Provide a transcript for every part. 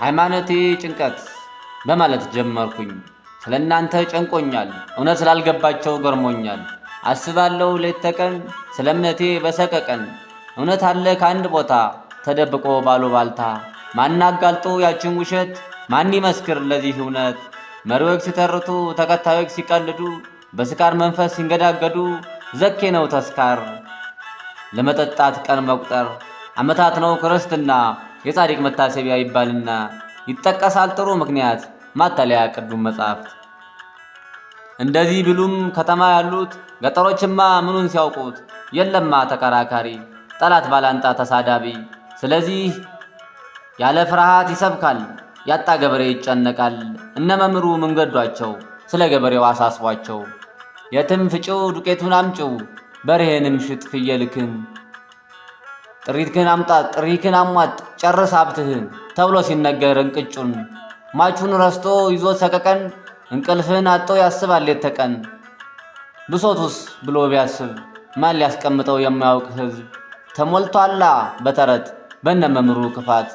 ሃይማኖቴ ጭንቀት በማለት ጀመርኩኝ። ስለ እናንተ ጨንቆኛል፣ እውነት ስላልገባቸው ገርሞኛል። አስባለሁ ሌት ተቀን ስለ እምነቴ በሰቀቀን። እውነት አለ ከአንድ ቦታ ተደብቆ ባልታ ማን አጋልጦ ያችን ውሸት? ማን ይመስክር ለዚህ እውነት? መሪዎች ሲተርቱ፣ ተከታዮች ሲቀልዱ፣ በስካር መንፈስ ሲንገዳገዱ፣ ዘኬ ነው ተስካር ለመጠጣት ቀን መቁጠር። ዓመታት ነው ክርስትና የጻድቅ መታሰቢያ ይባልና ይጠቀሳል ጥሩ ምክንያት ማታለያ ቅዱም መጽሐፍት። እንደዚህ ቢሉም ከተማ ያሉት ገጠሮችማ ምኑን ሲያውቁት የለማ ተከራካሪ፣ ጠላት ባላንጣ፣ ተሳዳቢ። ስለዚህ ያለ ፍርሃት ይሰብካል፣ ያጣ ገበሬ ይጨነቃል። እነ መምህሩ መንገዷቸው ስለ ገበሬው አሳስቧቸው፣ የትም ፍጪው ዱቄቱን አምጪው፣ በርሄንም ሽጥ ፍየልክን ጥሪትህን አምጣት፣ ጥሪትህን አሟጥ፣ ጨርስ ሀብትህን ተብሎ ሲነገር እንቅጩን ማቹን ረስቶ ይዞት ሰቀቀን እንቅልፍህን አጥቶ ያስባል ሌት ተቀን። ብሶቱስ ብሎ ቢያስብ ማን ሊያስቀምጠው የማያውቅ ህዝብ ተሞልቷላ በተረት በነመምሩ ክፋት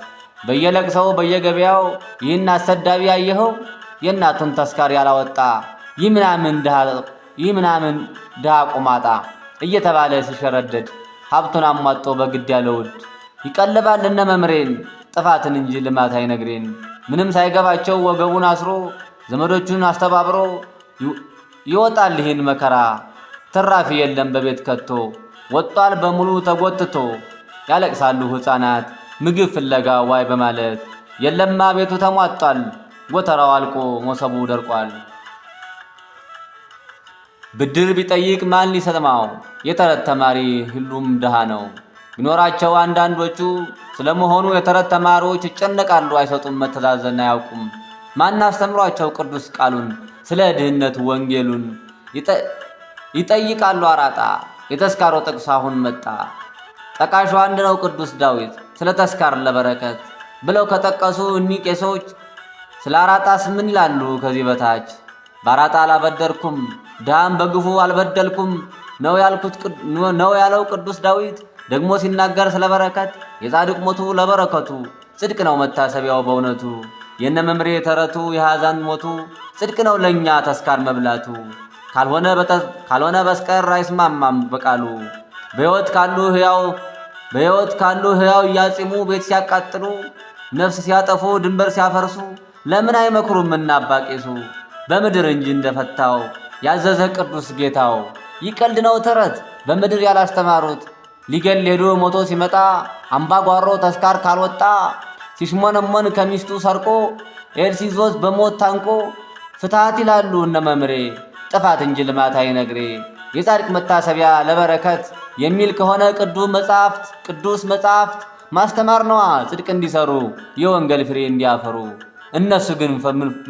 በየለቅሰው በየገበያው ይህን አሰዳቢ ያየኸው የእናቱን ተስካሪ ያላወጣ ይህ ምናምን ድሃ ቁማጣ እየተባለ ሲሸረደድ ሀብቱን አሟጦ በግድ ያለውድ ይቀልባል እነ መምሬን ጥፋትን እንጂ ልማት አይነግሬን። ምንም ሳይገባቸው ወገቡን አስሮ ዘመዶቹን አስተባብሮ ይወጣል ይህን መከራ ትራፊ የለም በቤት ከቶ ወጧል በሙሉ ተጎትቶ ያለቅሳሉ ሕፃናት ምግብ ፍለጋ ዋይ በማለት የለም ቤቱ ተሟጧል ጎተራው አልቆ ሞሰቡ ደርቋል። ብድር ቢጠይቅ ማን ሊሰማው? የተረት ተማሪ ሁሉም ድሃ ነው። ቢኖራቸው አንዳንዶቹ ስለመሆኑ የተረት ተማሪዎች ይጨነቃሉ፣ አይሰጡም፣ መተዛዘን አያውቁም። ማን አስተምሯቸው ቅዱስ ቃሉን ስለ ድህነት ወንጌሉን ይጠይቃሉ አራጣ። የተስካሮ ጥቅስ አሁን መጣ። ጠቃሹ አንድ ነው ቅዱስ ዳዊት ስለ ተስካር ለበረከት ብለው ከጠቀሱ እኒህ ቄሶች ስለ አራጣስ ምን ይላሉ ከዚህ በታች? ባራጣ አላበደርኩም፣ ድሃም በግፉ አልበደልኩም ነው ያልኩት ነው ያለው ቅዱስ ዳዊት። ደግሞ ሲናገር ስለ በረከት የጻድቅ ሞቱ ለበረከቱ ጽድቅ ነው መታሰቢያው በእውነቱ። የነ መምሬ ተረቱ የሐዛን ሞቱ ጽድቅ ነው ለእኛ ተስካር መብላቱ። ካልሆነ በስቀር አይስማማም በቃሉ በሕይወት ካሉ ሕያው በሕይወት ካሉ ሕያው እያጺሙ ቤት ሲያቃጥሉ ነፍስ ሲያጠፉ ድንበር ሲያፈርሱ ለምን አይመክሩም እና አባቄሱ በምድር እንጂ እንደፈታው ያዘዘ ቅዱስ ጌታው ይቀልድ ነው ተረት በምድር ያላስተማሩት ሊገል ሄዶ ሞቶ ሲመጣ አምባጓሮ ተስካር ካልወጣ ሲሽሞነሞን ከሚስቱ ሰርቆ ኤልሲዞት በሞት ታንቆ ፍትሃት ይላሉ እነ መምሬ ጥፋት እንጂ ልማት አይነግሬ የጻድቅ መታሰቢያ ለበረከት የሚል ከሆነ ቅዱስ መጻሕፍት ቅዱስ መጻሕፍት ማስተማር ነዋ ጽድቅ እንዲሰሩ የወንጌል ፍሬ እንዲያፈሩ እነሱ ግን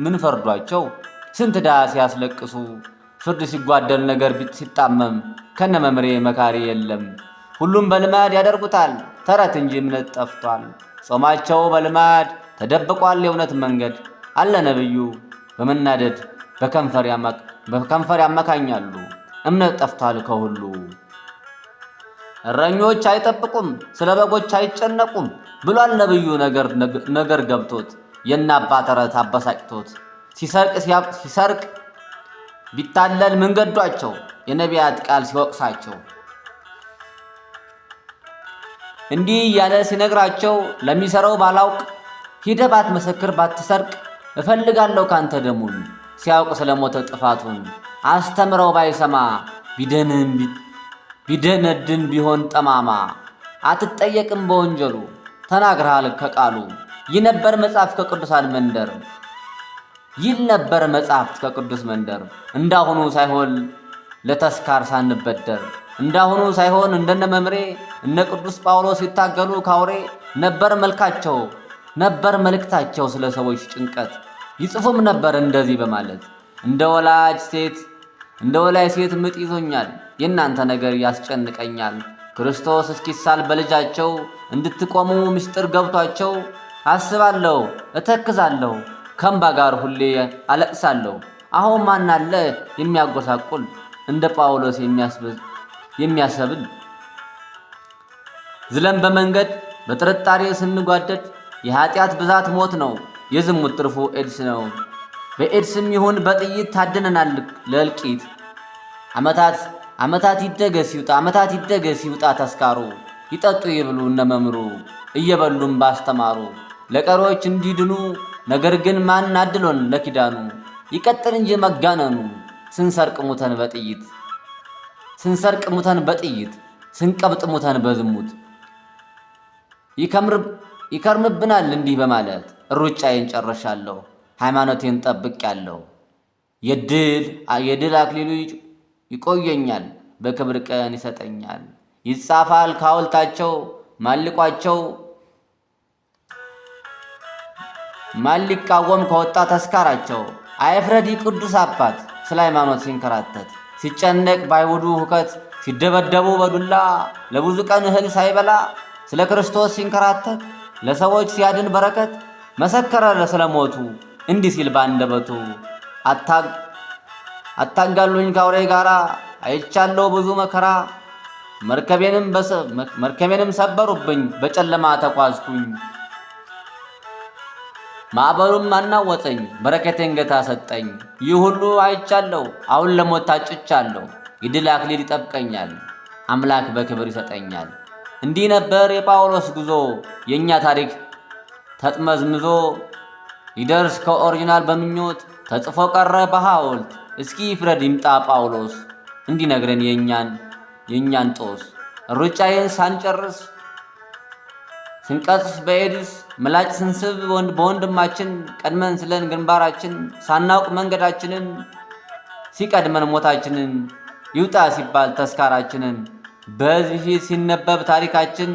ምን ፈርዷቸው ስንት ዳ ሲያስለቅሱ ፍርድ ሲጓደል ነገር ሲጣመም ከነ መምሬ መካሪ የለም። ሁሉም በልማድ ያደርጉታል ተረት እንጂ እምነት ጠፍቷል። ጾማቸው በልማድ ተደብቋል የእውነት መንገድ አለ ነብዩ በመናደድ በከንፈር ያመካኛሉ እምነት ጠፍቷል ከሁሉ። እረኞች አይጠብቁም ስለ በጎች አይጨነቁም ብሏል ነብዩ ነገር ገብቶት የእናባ ተረት አበሳጭቶት ሲሰርቅ ሲሰርቅ ቢታለል ምን ገዷቸው? የነቢያት ቃል ሲወቅሳቸው እንዲህ እያለ ሲነግራቸው ለሚሰራው ባላውቅ ሂደ ባትመሰክር ባትሰርቅ እፈልጋለሁ ካንተ ደሙን ሲያውቅ ስለሞተ ጥፋቱን አስተምረው ባይሰማ ቢደነድን ቢሆን ጠማማ አትጠየቅም በወንጀሉ ተናግረሃል ከቃሉ ይህ ነበር መጽሐፍ ከቅዱሳን መንደር ይል ነበር መጽሐፍት ከቅዱስ መንደር እንዳሁኑ ሳይሆን ለተስካር ሳንበደር እንዳሁኑ ሳይሆን እንደነ መምሬ እነ ቅዱስ ጳውሎስ ሲታገሉ ካውሬ ነበር መልካቸው ነበር መልእክታቸው ስለ ሰዎች ጭንቀት ይጽፉም ነበር እንደዚህ በማለት እንደ ወላጅ ሴት እንደ ወላጅ ሴት ምጥ ይዞኛል የእናንተ ነገር ያስጨንቀኛል ክርስቶስ እስኪሳል በልጃቸው እንድትቆሙ ምስጢር ገብቷቸው አስባለሁ እተክዛለሁ ከምባ ጋር ሁሌ አለቅሳለሁ። አሁን ማን አለ የሚያጎሳቁል እንደ ጳውሎስ የሚያሰብል ዝለን በመንገድ በጥርጣሬ ስንጓደድ የኃጢአት ብዛት ሞት ነው፣ የዝሙት ትርፉ ኤድስ ነው። በኤድስም ይሁን በጥይት ታድነናል ለእልቂት ዓመታት ዓመታት ይደገስ ይውጣ ዓመታት ይደገስ ይውጣ ተስካሩ ይጠጡ ይብሉ እነመምሩ እየበሉም ባስተማሩ ለቀሪዎች እንዲድኑ ነገር ግን ማን አድሎን ለኪዳኑ ይቀጥል እንጂ መጋነኑ ስንሰርቅ ሙተን በጥይት ስንሰርቅ ሙተን በጥይት ስንቀብጥ ሙተን በዝሙት ይከርምብናል እንዲህ በማለት ሩጫዬን ጨርሻለሁ፣ ሃይማኖቴን ጠብቄያለሁ። የድል የድል አክሊሉ ይቆየኛል፣ በክብር ቀን ይሰጠኛል። ይጻፋል ከሐውልታቸው ማልቋቸው ማን ሊቃወም ከወጣ ተስካራቸው አይፍረድ ቅዱስ አባት ስለ ሃይማኖት ሲንከራተት ሲጨነቅ በአይሁዱ ሁከት ሲደበደቡ በዱላ ለብዙ ቀን እህል ሳይበላ ስለ ክርስቶስ ሲንከራተት ለሰዎች ሲያድን በረከት መሰከረ ስለሞቱ እንዲህ ሲል ባንደበቱ አታጋሉኝ ካውሬ ጋራ አይቻለው ብዙ መከራ መርከቤንም ሰበሩብኝ በጨለማ ተጓዝኩኝ። ማዕበሉም አናወጠኝ፣ በረከቴን ገታ ሰጠኝ። ይህ ሁሉ አይቻለሁ፣ አሁን ለሞት ታጭቻለሁ። የድል አክሊል ይጠብቀኛል፣ አምላክ በክብር ይሰጠኛል። እንዲህ ነበር የጳውሎስ ጉዞ። የእኛ ታሪክ ተጥመዝምዞ ይደርስ ከኦሪጂናል በምኞት ተጽፎ ቀረ በሐውልት። እስኪ ፍረድ ይምጣ ጳውሎስ እንዲነግረን የእኛን የእኛን ጦስ ሩጫዬን ሳንጨርስ ስንቀጽፍ በኤድስ ምላጭ ስንስብ በወንድማችን ቀድመን ስለን ግንባራችን ሳናውቅ መንገዳችንን ሲቀድመን ሞታችንን ይውጣ ሲባል ተስካራችንን በዚህ ሲነበብ ታሪካችን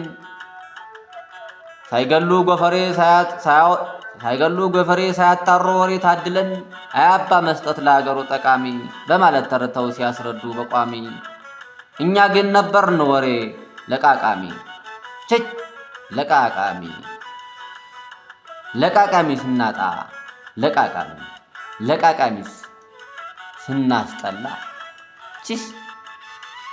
ሳይገሉ ጎፈሬ ሳይገሉ ጎፈሬ ሳያጣሩ ወሬ ታድለን አያባ መስጠት ለሀገሩ ጠቃሚ በማለት ተርተው ሲያስረዱ በቋሚ እኛ ግን ነበርን ወሬ ለቃቃሚ ቸች ለቃቃሚ ለቃቃሚ ስናጣ ለቃቃሚ ለቃቃሚስ ስናስጠላ ቺስ